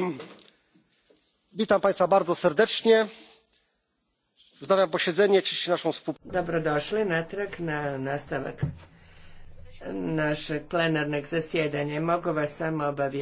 witam państwa bardzo serdecznie wznawiam posiedzenie cieszę się naszą dobrodošli natrag na nastavak našeg plenarnog zasjedanja mogu vas samo obavijestiti